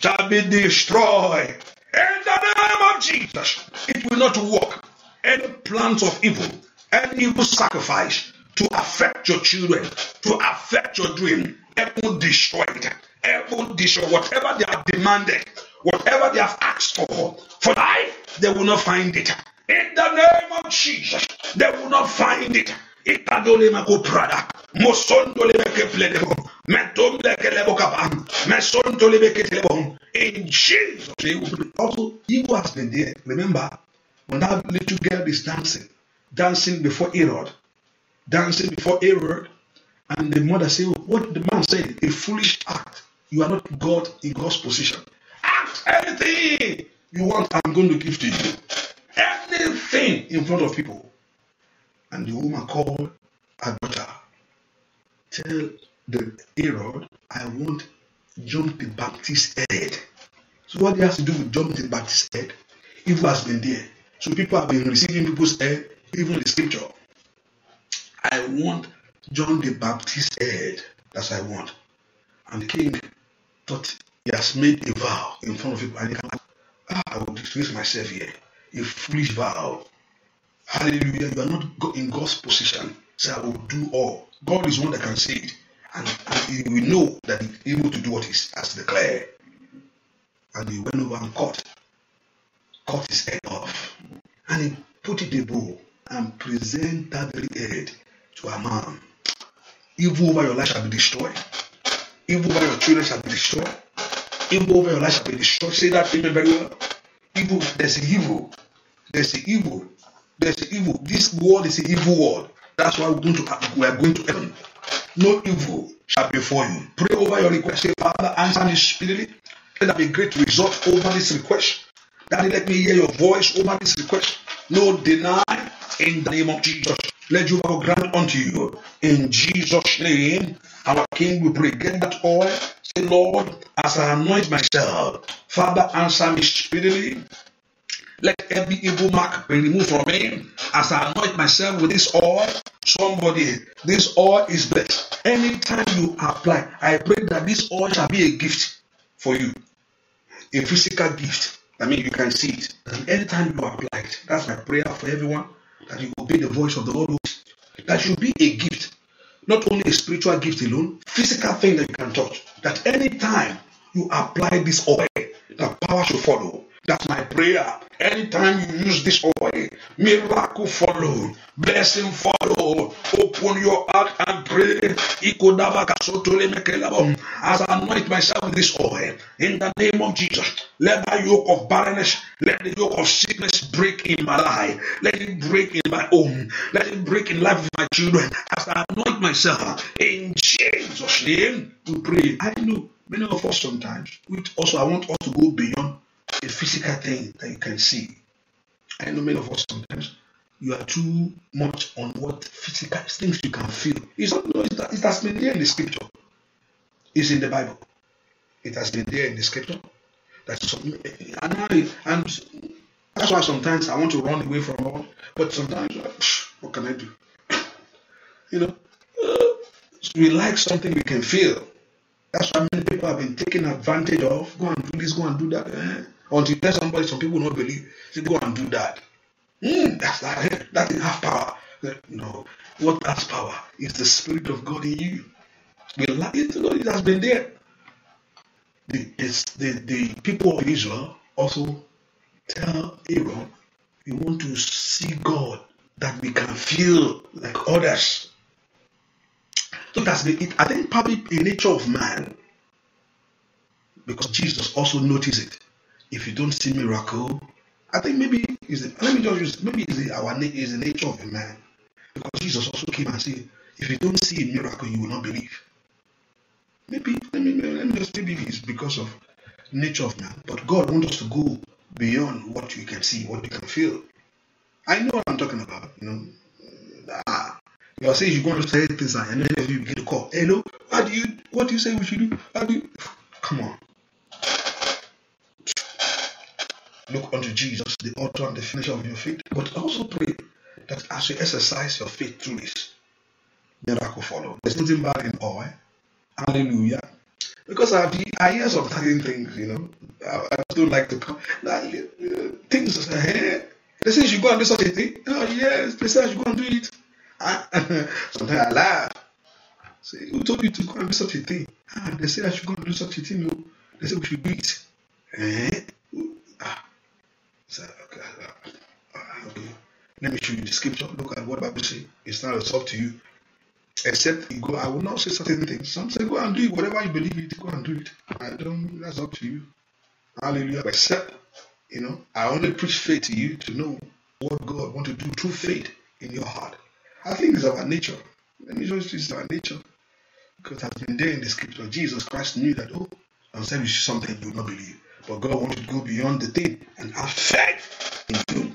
Speaker 1: shall be destroyed. In the name of Jesus, it will not work. Any plans of evil, any evil sacrifice to affect your children, to affect your dream, will destroy it. Heaven destroy whatever they are demanding. Whatever they have asked for for life, they will not find it. In the name of Jesus, they will not find it. In Jesus, also evil has been there. Remember, when that little girl is dancing, dancing before Herod, dancing before Herod, and the mother said, "What the man said, a foolish act. You are not God in God's position." Anything you want, I'm going to give to you. Anything in front of people. And the woman called her daughter. Tell the Herod, I want John the Baptist's head. So what he has to do with John the Baptist's head? Evil has been there. So people have been receiving people's head, even the scripture. I want John the Baptist's head. That's what I want. And the king thought He has made a vow in front of people and he can ah, I will disgrace myself here. A foolish vow. Hallelujah. You are not in God's position. Say, so I will do all. God is one that can say it. And, and will know that he's able to do what he has declared. And he went over and cut, cut his head off. And he put it in a bowl and present that very head to a man. Evil over your life shall be destroyed. Evil over your children shall be destroyed evil over your life shall be destroyed. Say that statement very well. Evil, there's an evil. There's an evil. There's an evil. This world is an evil world. That's why we're going to we are going to heaven. No evil shall befall you. Pray over your request. Say, Father, answer me speedily. Let there be great result over this request. Daddy, let me hear your voice over this request. No deny in the name of Jesus. Let you grant unto you. In Jesus' name, our King, will pray. Get that oil Lord, as I anoint myself, Father, answer me speedily. Let every evil mark be removed from me as I anoint myself with this oil. Somebody, this oil is blessed. Anytime you apply, I pray that this oil shall be a gift for you, a physical gift. I mean, you can see it. And anytime you apply it, that's my prayer for everyone that you obey the voice of the Lord. That should be a gift not only a spiritual gift alone, physical thing that you can touch. That any time you apply this oil, the power should follow. That's my prayer.
Speaker 2: Anytime
Speaker 1: you use this oil, miracle follow, blessing follow. Open your heart and pray. As I anoint myself with this oil, in the name of Jesus, let the yoke of barrenness, let the yoke of sickness break in my life. Let it break in my home. Let it break in life of my children. As I anoint myself, in Jesus' name, to pray. I know many of us sometimes, which also I want us to go beyond a physical thing that you can see. I know many of us sometimes you are too much on what physical things you can feel. It's not no, it's, it has been there in the scripture. It's in the Bible. It has been there in the scripture. That's some, and I, and that's why sometimes I want to run away from all. but sometimes uh, what can I do? you know, so uh, we like something we can feel. That's why many people have been taken advantage of. Go and do this, go and do that. Eh? Until you tell somebody, some people will not believe. Say, go and do that. Mm, that's that. That thing has power. No. What has power is the Spirit of God in you. We like it to God. It has been there. The, the, the people of Israel also tell Aaron, we want to see God that we can feel like others. So that's the, it, I think probably a nature of man, because Jesus also noticed it if you don't see miracle, I think maybe is let me just use maybe is our is the nature of a man because Jesus also came and said, if you don't see a miracle, you will not believe. Maybe let me let me just maybe it's because of nature of man, but God wants us to go beyond what you can see, what you can feel. I know what I'm talking about. You know, ah, you are saying you're going to say things, and then you begin to call. Hello, what do you what do you say we should do? How do you? Come on. Look unto Jesus, the author and the finisher of your faith. But also pray that as you exercise your faith through this, miracle follow. There's nothing bad in all. Eh? Hallelujah. Because I, have I hear some certain things, you know. I, I don't like to come. That, uh, things, hey, eh? they say you should go and do such a thing. Oh, yes, they say you should go and do it. I, ah, sometimes I laugh. Say, who told you to go and do such a thing? Ah, they say I should go and do such a thing. No. Oh. They say we should do it. Eh? Ah, so, okay, uh, uh, okay, let me show you the scripture. Look at what Bible says. It's not it's up to you. Except you go, I will not say certain things. Some say go and do it, whatever you believe it, go and do it. I don't that's up to you. Hallelujah. Except, you know, I only preach faith to you to know what God want to do through faith in your heart. I think it's our nature. Let me just it's our nature. Because it has been there in the scripture. Jesus Christ knew that, oh, i am saying you something you will not believe. But God wants you to go beyond the thing and have faith in you.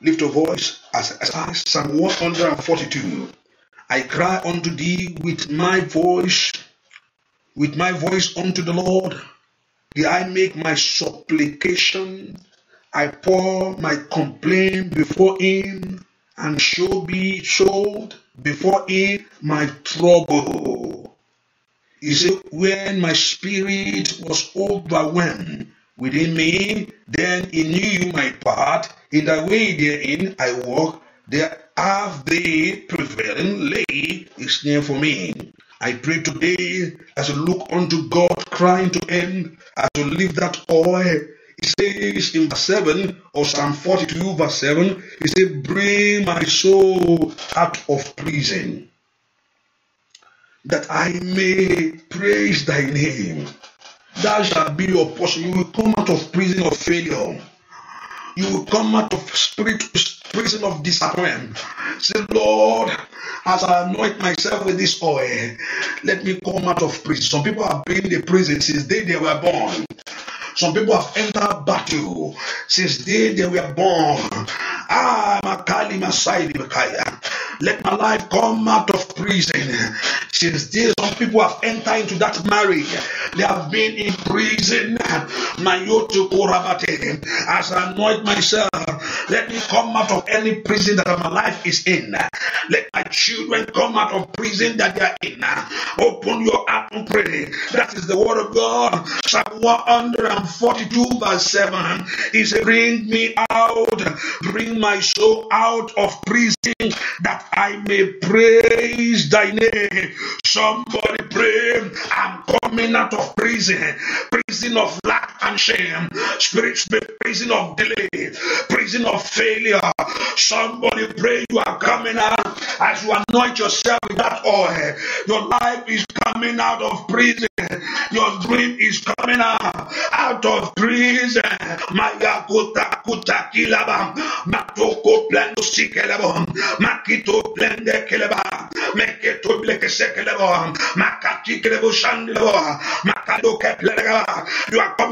Speaker 1: Lift a voice as I Psalm 142. I cry unto thee with my voice, with my voice unto the Lord. Did I make my supplication? I pour my complaint before him and show be showed before him my trouble. He said, when my spirit was overwhelmed, within me, then in you my part in the way therein I walk, there have they prevailing lay is near for me. I pray today as I look unto God, crying to Him, as to leave that oil. He says in verse 7 or Psalm 42, verse 7, He said, Bring my soul out of prison, that I may praise thy name. That shall be your portion. You will come out of prison of failure. You will come out of spirit prison of disappointment. Say, Lord, as I anoint myself with this oil, let me come out of prison. Some people have been in the prison since day they were born. Some people have entered battle since day they were born. Ah, Makali Masai Let my life come out of prison. Since this, some people have entered into that marriage. They have been in prison. As I anoint myself, let me come out of any prison that my life is in. Let my children come out of prison that they are in. Open your heart and pray. That is the word of God. Psalm 142 verse 7 He said, bring me out, bring my soul out of prison that I may praise thy name. Somebody pray, I'm coming out of prison, prison of lack and shame, spirit, prison of delay, prison of failure. Somebody pray, you are coming out as you anoint yourself with that oil. Your life is coming out of prison, your dream is coming out, out of prison. Mayakota kuta kilaba, matoko plendo You are coming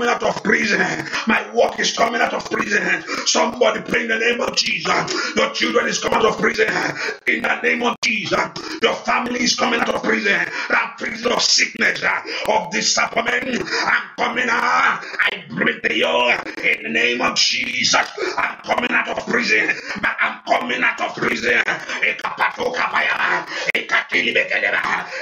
Speaker 1: out of prison. My work is coming out of prison. Somebody pray in the name of Jesus. Your children is coming out of prison. In the name of Jesus. Your family is coming out of prison. That prison of sickness, of disappointment. I'm coming out. I breathe the yoke in the name of Jesus. I'm coming out of prison. I'm coming out of prison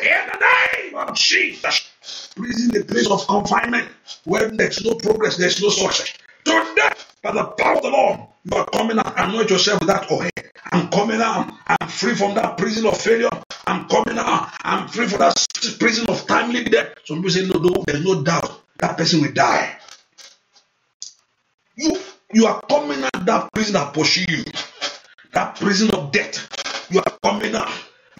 Speaker 1: in the name of Jesus. Prison, the place of confinement where there's no progress, there's no success. that by the power of the Lord, you are coming out. Anoint yourself with that oil. I'm coming out. I'm free from that prison of failure. I'm coming out. I'm free from that prison of timely death. Some people say, no, no, there's no doubt. That person will die. You, you are coming out that prison that pursue you. That prison of death. You are coming out.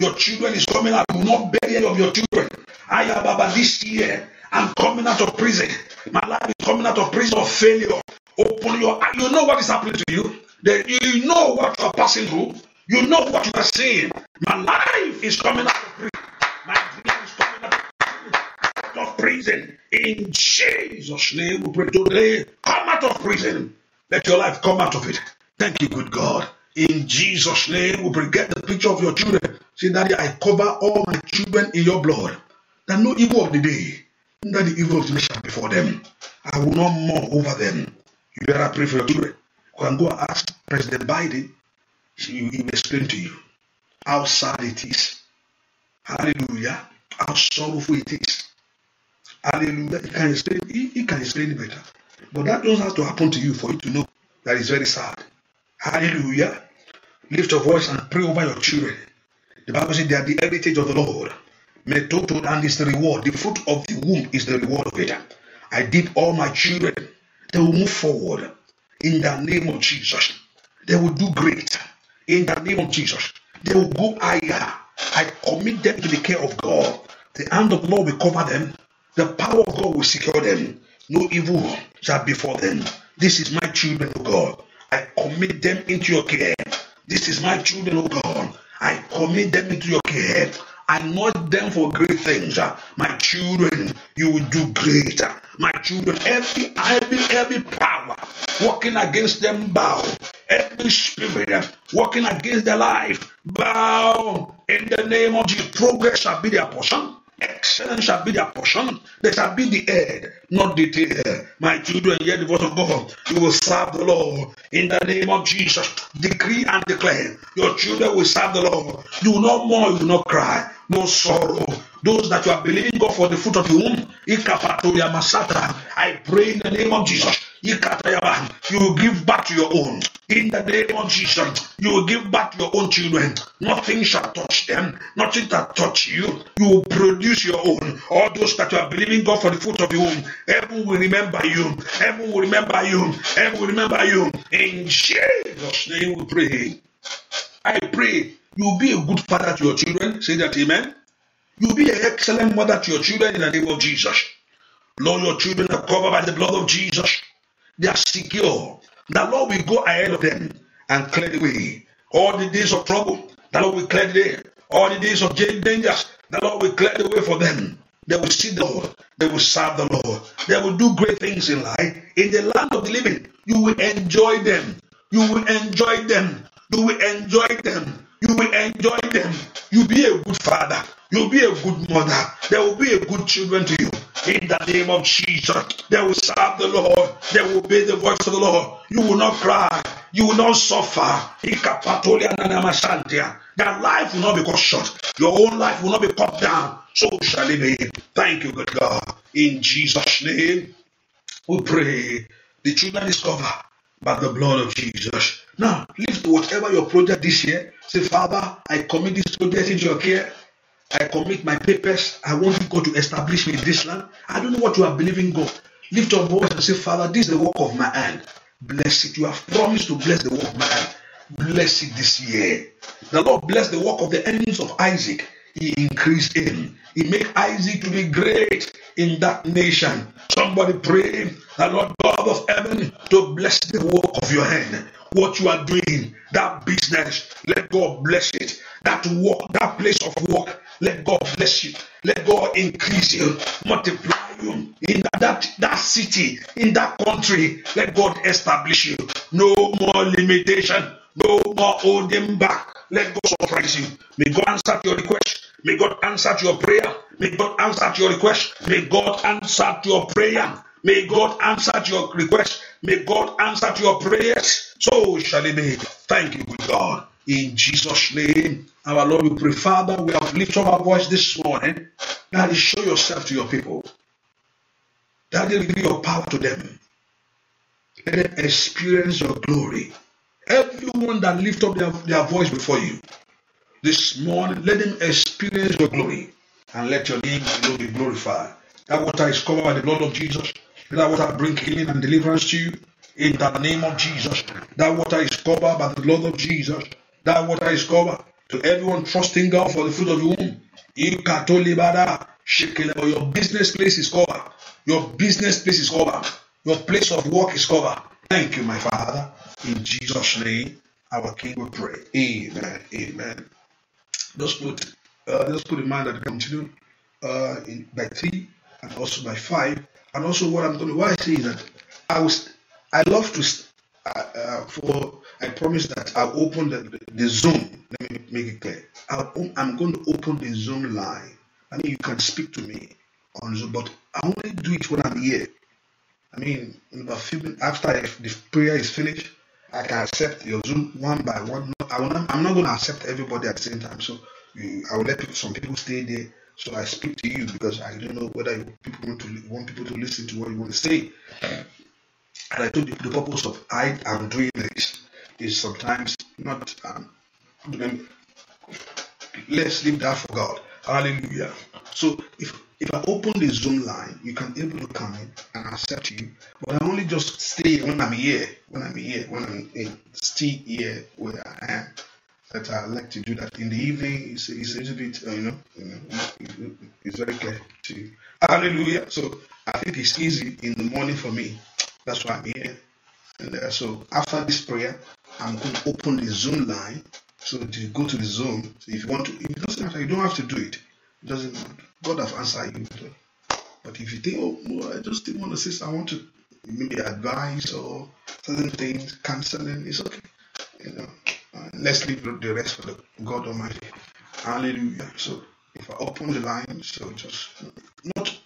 Speaker 1: Your children is coming out. You will not bury any of your children. I am Baba this year. I'm coming out of prison. My life is coming out of prison of failure. Open your eyes. You know what is happening to you. Then You know what you are passing through. You know what you are seeing. My life is coming out of prison. My dream is coming out of prison. Of prison. In Jesus' name, we pray today. Come out of prison. Let your life come out of it. Thank you, good God. In Jesus' name, we bring get the picture of your children. Say, Daddy, I cover all my children in your blood. That no evil of the day, that the evil of the nation before them. I will not mourn over them. You better pray for your children. You can go and ask President Biden. He will explain to you how sad it is. Hallelujah. How sorrowful it is. Hallelujah. He can explain, he, he can explain it better. But that doesn't have to happen to you for you to know that it's very sad. Hallelujah. Lift your voice and pray over your children. The Bible says they are the heritage of the Lord. total and is the reward. The fruit of the womb is the reward of it. I dip all my children. They will move forward in the name of Jesus. They will do great in the name of Jesus. They will go higher. I commit them to the care of God. The hand of the Lord will cover them. The power of God will secure them. No evil shall befall them. This is my children, O God. I commit them into your care. This is my children, O God. I commit them into your care. I Anoint them for great things. My children, you will do greater. My children, every every every power working against them bow. Every spirit working against their life bow. In the name of Jesus, progress shall be their portion. Excellence shall be their portion. They shall be the head, not the tail. My children, hear the voice of God. You will serve the Lord in the name of Jesus. Decree and declare. Your children will serve the Lord. You will not mourn, you will not cry, no sorrow. Those that you are believing God for the fruit of the womb, I pray in the name of Jesus you will give back to your own. In the name of Jesus, you will give back to your own children. Nothing shall touch them. Nothing shall touch you. You will produce your own. All those that you are believing God for the fruit of your own. heaven will remember you. Heaven will remember you. Heaven will remember you. In Jesus' name we pray. I pray you'll be a good father to your children. Say that, Amen. You'll be an excellent mother to your children in the name of Jesus. Lord, your children are covered by the blood of Jesus. They are secure. The Lord will go ahead of them and clear the way. All the days of trouble, the Lord will clear the way. All the days of dangers, the Lord will clear the way for them. They will see the Lord. They will serve the Lord. They will do great things in life. In the land of the living, you will enjoy them. You will enjoy them. You will enjoy them. You will enjoy them. You'll be a good father. You'll be a good mother. There will be a good children to you. In the name of Jesus, they will serve the Lord. They will obey the voice of the Lord. You will not cry. You will not suffer. Their life will not be cut short. Your own life will not be cut down. So shall it be. Thank you, good God. In Jesus' name, we pray. The children discover by the blood of Jesus. Now, lift whatever your project this year. Say, Father, I commit this project into your care. I commit my papers. I want God to establish me in this land. I don't know what you are believing God. Lift your voice and say, Father, this is the work of my hand. Bless it. You have promised to bless the work of my hand. Bless it this year. The Lord bless the work of the enemies of Isaac. He increased him. He make Isaac to be great in that nation. Somebody pray, the Lord God of heaven, to bless the work of your hand. what you are doing, that business, let God bless it. That work, that place of work, let God bless you. Let God increase you, multiply you in that, that, city, in that country. Let God establish you. No more limitation, no more holding back. Let God surprise you. May God answer your request. May God answer your prayer. May God answer your request. May God answer your prayer. May God answer your request. May God answer to your prayers. So shall it be. Thank you, good God. In Jesus' name, our Lord, we pray, Father, we have lifted our voice this morning. Daddy, show yourself to your people. Daddy, give your power to them. Let them experience your glory. Everyone that lift up their, their voice before you this morning, let them experience your glory and let your name be glorified. That water is covered by the blood of Jesus. That water bring healing and deliverance to you in the name of Jesus. That water is covered by the blood of Jesus. That water is covered to everyone trusting God for the fruit of the womb. Your business place is covered. Your business place is covered. Your place of work is covered. Thank you, my Father. In Jesus' name, our King will pray. Amen. Amen. Just put, uh, just put in mind that continue uh, in, by three and also by five and also what I'm doing. Why I say is that I was I love to uh, uh, for I promise that I'll open the, the, the Zoom. Let me make it clear. i am going to open the Zoom line. I mean, you can speak to me on Zoom, but I only do it when I'm here. I mean, in a few minutes after if the prayer is finished, I can accept your Zoom one by one. No, I am not going to accept everybody at the same time. So you, I will let people, some people stay there so I speak to you because I don't know whether people want to want people to listen to what you want to say. And I told you the purpose of I am doing this is sometimes not. Um, let's leave that for God. Hallelujah. So if if I open the Zoom line, you can able to come in and accept you. But I only just stay when I'm here, when I'm here, when I'm in, stay here where I am that I like to do that in the evening. It's, it's a little bit, uh, you know, you know, it's very clear to you. Hallelujah. So I think it's easy in the morning for me. That's why I'm here. And, uh, so after this prayer, I'm going to open the Zoom line. So to go to the Zoom, so if you want to, it doesn't matter. You don't have to do it. It doesn't. Matter. God have answered you. But if you think, oh, well, I just didn't want to say, I want to maybe advise or certain things, counseling, it's okay. You know let's leave the rest for the God Almighty. Hallelujah. So if I open the line, so just not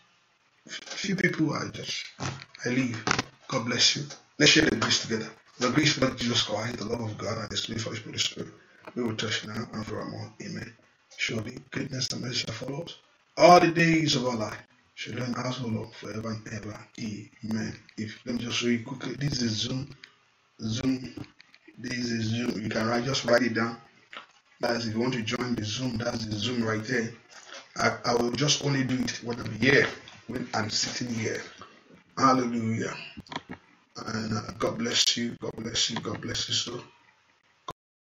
Speaker 1: few people I just I leave. God bless you. Let's share the grace together. The grace of Jesus Christ, the love of God, and the spirit of His Holy Spirit. We will touch now and forevermore. Amen. Surely goodness and mercy shall follow us all the days of our life. Shall learn us, O Lord, forever and ever. Amen. If let me just show you quickly. This is Zoom. Zoom This is Zoom. You can write, just write it down. That's if you want to join the Zoom, that's the Zoom right there. I, I will just only do it when I'm here, when I'm sitting here. Hallelujah. And uh, God bless you. God bless you. God bless you so.